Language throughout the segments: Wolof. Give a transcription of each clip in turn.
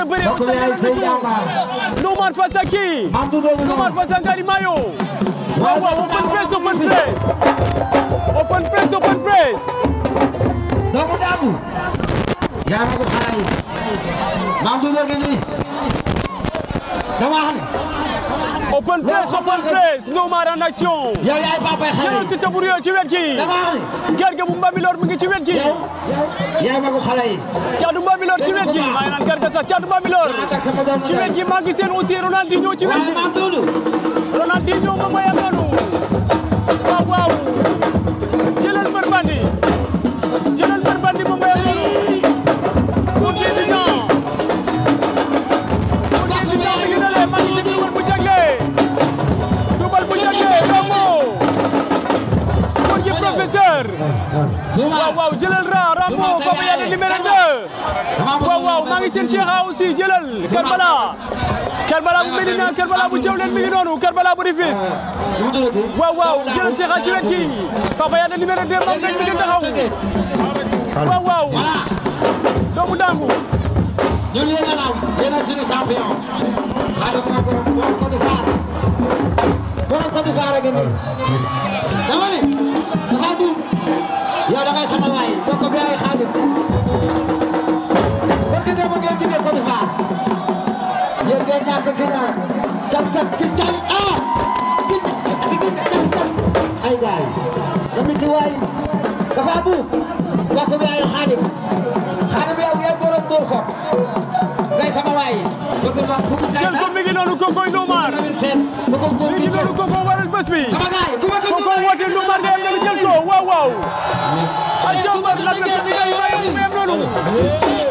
mën a bëree wut sa jërë nga jiw Noumar Fassah kii Noumar Fassah Ngalimayo waaw waaw open press open press open press open press. doomu daamu. yaa ngi ko xaaral yi. Mamadou Ndogo nii. dama xam ne. open press open press Ndoumar en action. yow yaay ci wet gi. Garga ngi ci wet gi. yaay magu xale yi. Caatu Mbambilor ci wet gi. maa ngi naan Garga ci wet gi maa ngi seen aussi Ronaldinho ci wet gi. Ronaldinho moom mooy am noonu. waaw waaw. jëlal bandi. waaw waaw jëlal ra Rambo Baba Yane numéro 2 waaw waaw maa ngi seen Cheikha aussi jëlal Karbala Karbala bu Medina Karbala bu Jawlen mi ngi noonu Karbala bu Rifis waaw waaw jëlal Cheikha ci wet gi Baba Yane numéro 2 ram dañ mi ngi taxaw waaw waaw doomu dangu ñun yéen a naaw yéen a suñu champion xaaral ma borom borom Côte d'Ivoire borom Côte d'Ivoire a ngi nii dama ne dafa dugg yow da ngay sama waay bokk bi ay xaadim parce que dama ngeen jigee Côte d'Ivoire yéen ngeen ñàkk ki naan cam sat ki tan a ah! ay gaay da mi ci waay dafa buub bokk bi ay xaadim xaadim yow yow borom dóor fop ngay sama waay bëgg ma bëgg tànta jël ko mi ngi noonu ko koy doomaar bëgg góor gi bés bi kooku woote Ndoumba Ndéem la jël ko waaw waaw. ay jàmbar la nga def li ngay may mu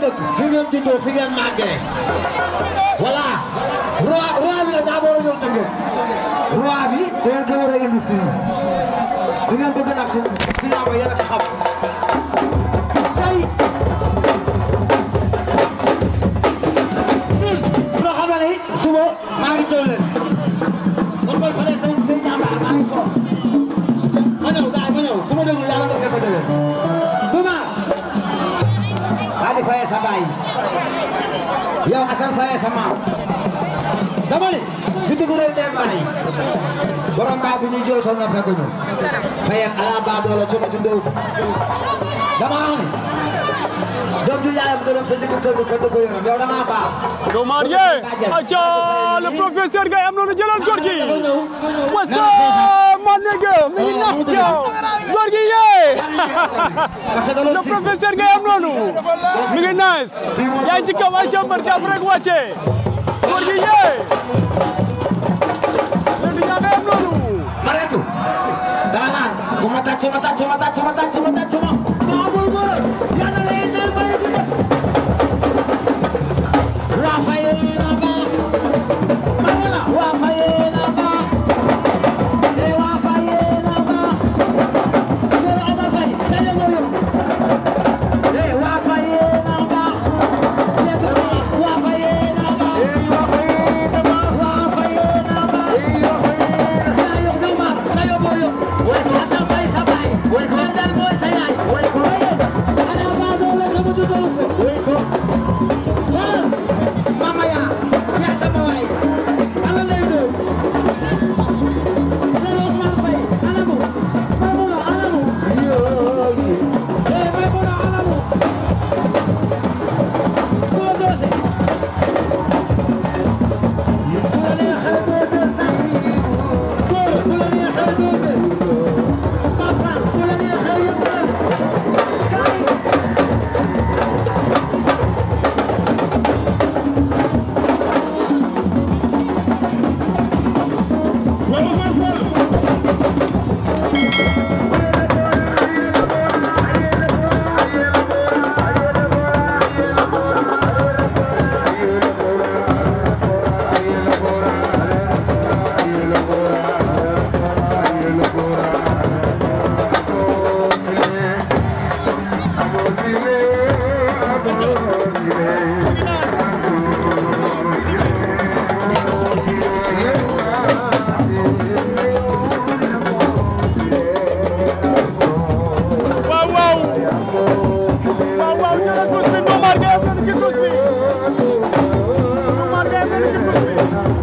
dëkk fi ngeen juddoo fi ngeen màggee voilà roi roi bi la daa war a ñëw tënkee roi bi da ngeen ko war a indi fii li ngeen bëgg nag seen si laa ba yéen a ko xam. yow Assane Faye sama dama ne juddu bu réew ndey mbaay borom mbaay bu ñuy jël toog na fekk ñu fayeen ala baa doole coono juddoo dama am doom ju yaayam gërëm sa jëkk kër kër ko yoram yow dama baax yow marié aca le professeur Gaye am na lu jëlal dégg mi ngi nax ci yow góor gi yee le professeur am rek wàcce góor gi yee le di ngay Amen.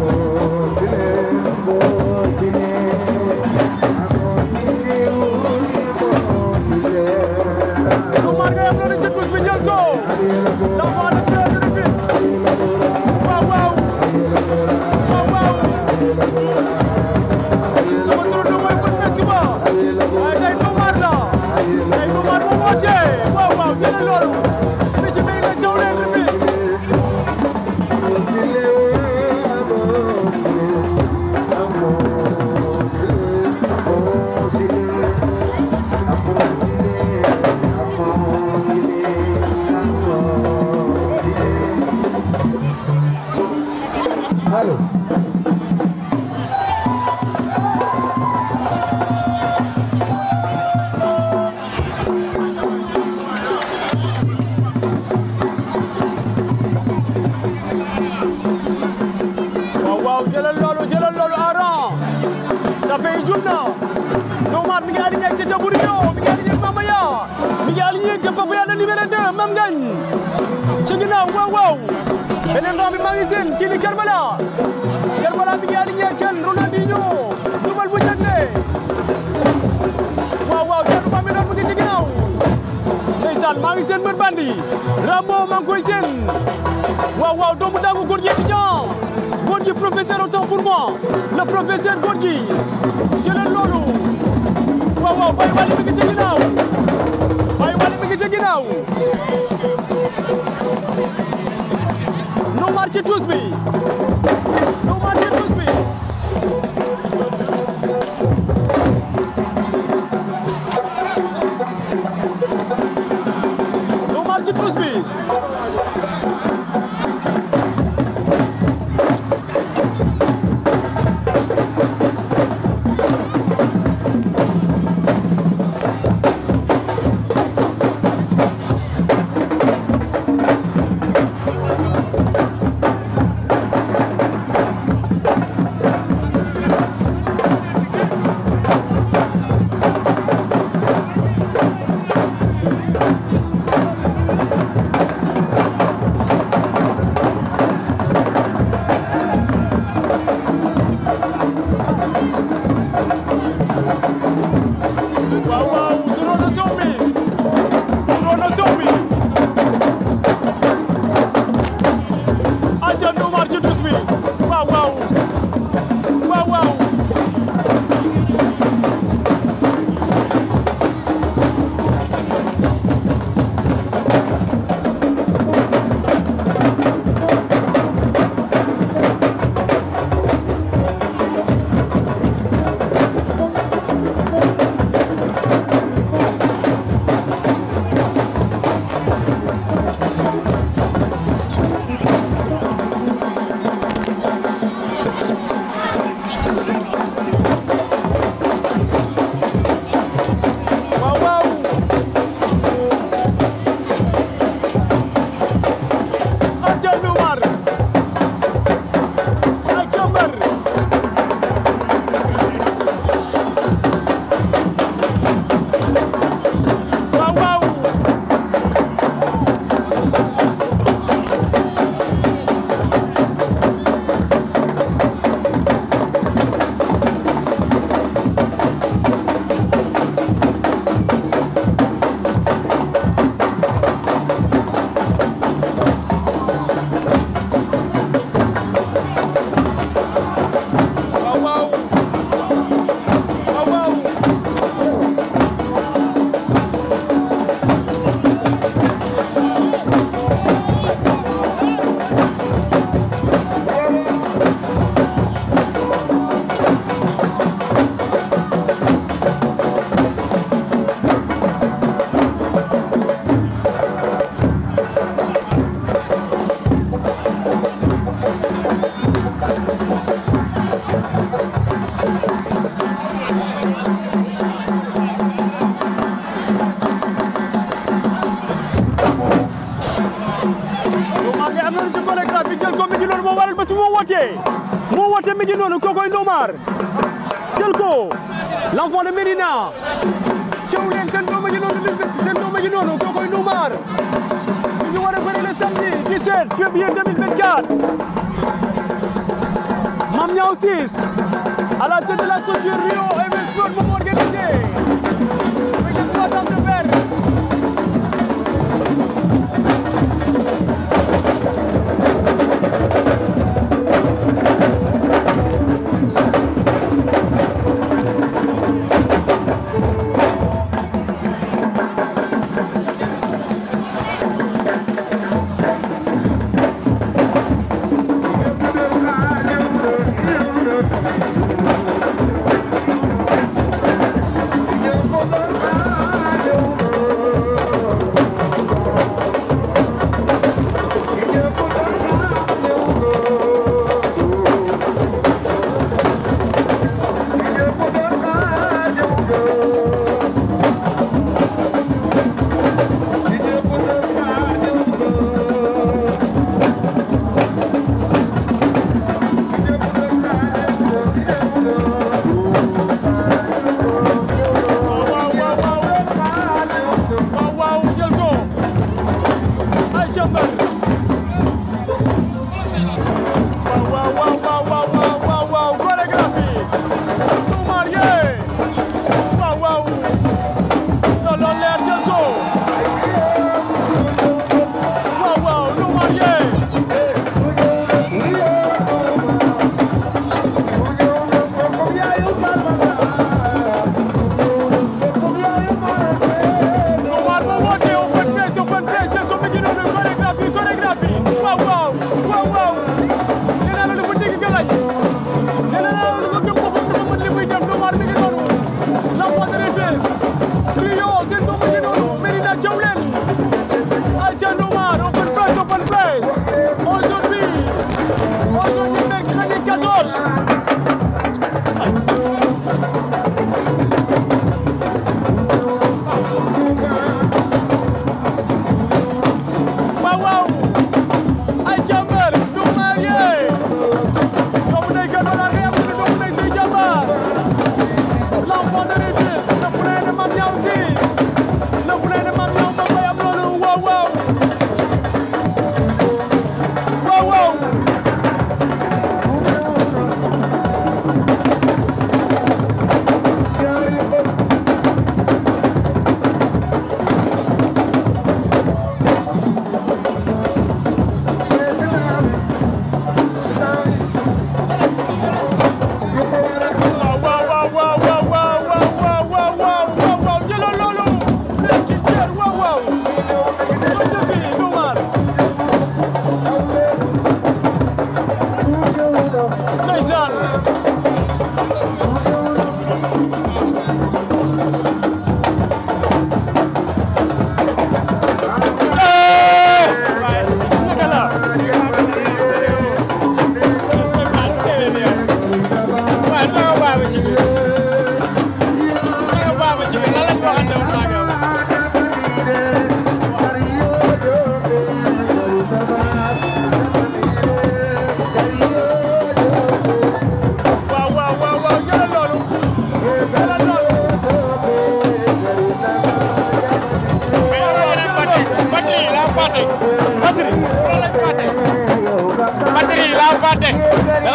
junna Nomade mi ngi aligné ak Siteu Bourguignon mi ngi aligné ak Mama Yaa mi ngi aligné ak Papa Yada numéro 2 Mame Ngagne ci ginnaaw waaw waaw beneen doom bi maa ngi seen kii di Karbala Karbala mi ngi aligné ak kenn bu jënde waaw waaw kenn ba mi doon mu ngi ci ginnaaw ndeysaan maa ngi doomu dangu góor gi étudiant góor gi professeur autant pour moi le jëlal loolu waaw waaw Baye Wally mi ngi ci ginnaaw Baye Wally mi ngi ci ginnaaw nu mar ci tuus bi nu mar ci tuus bi nu mar ci tuus bi mi ngi noonu kookoy Ndoumar l'enfant de Medina. sew leen seen doom a ngi noonu seen doom a ngi ñu a le samedi 17 février 2024 Mamia Niang à la tête de la structure Rio MS Sport moom organisé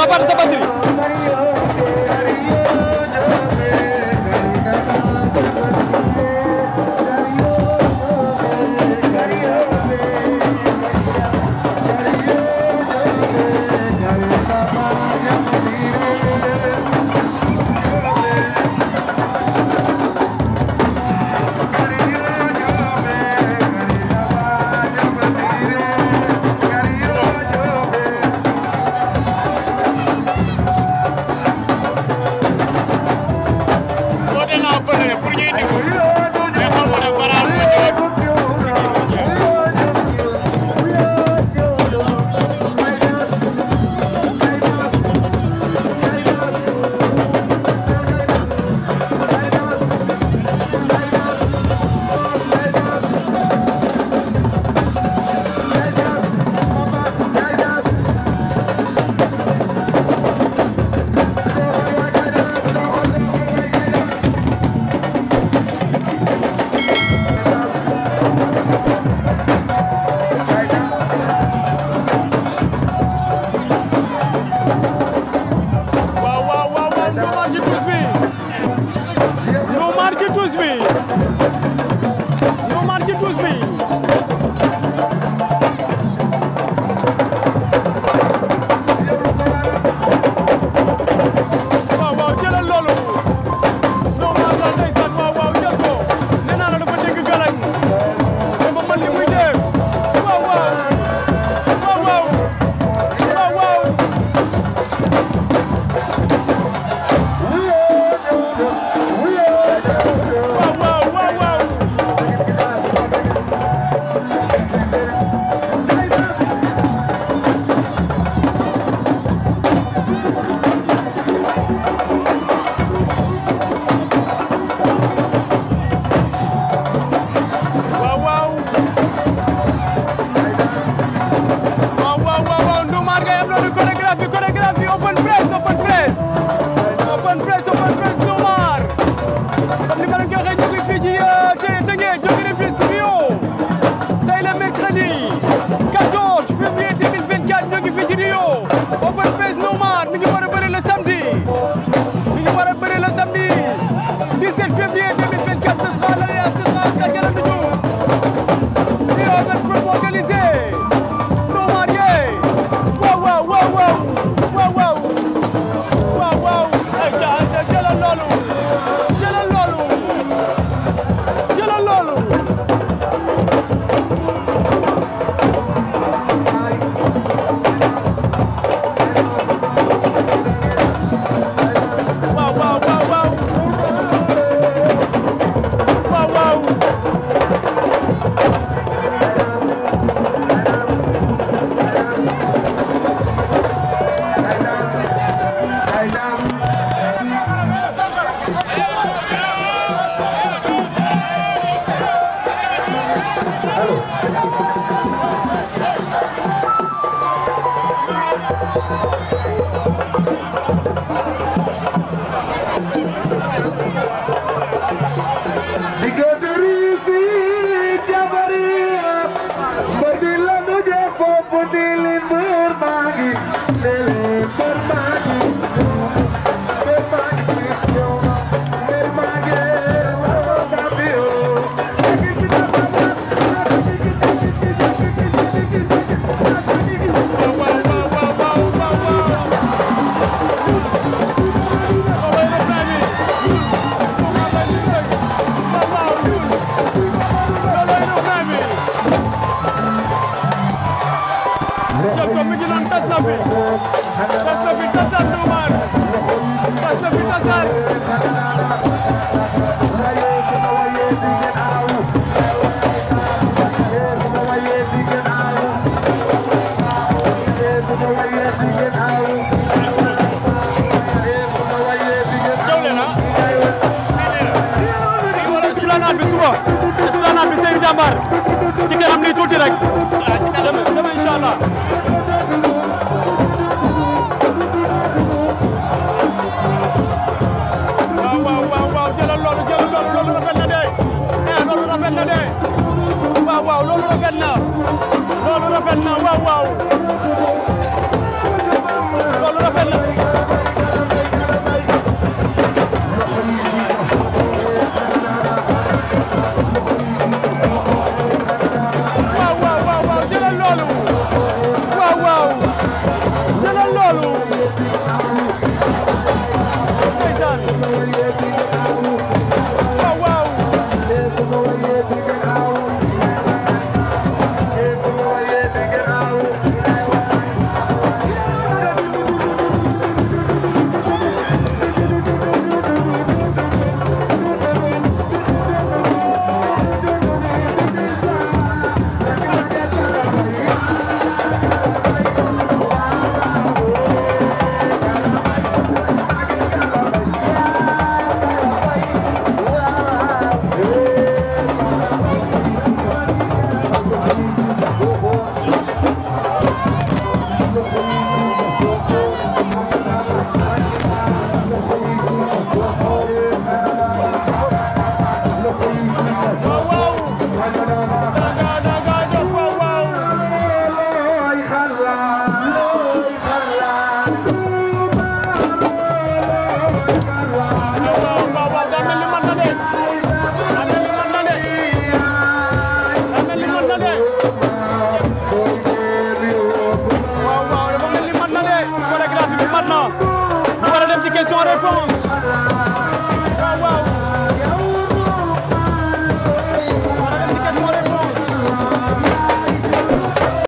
Apa ada seperti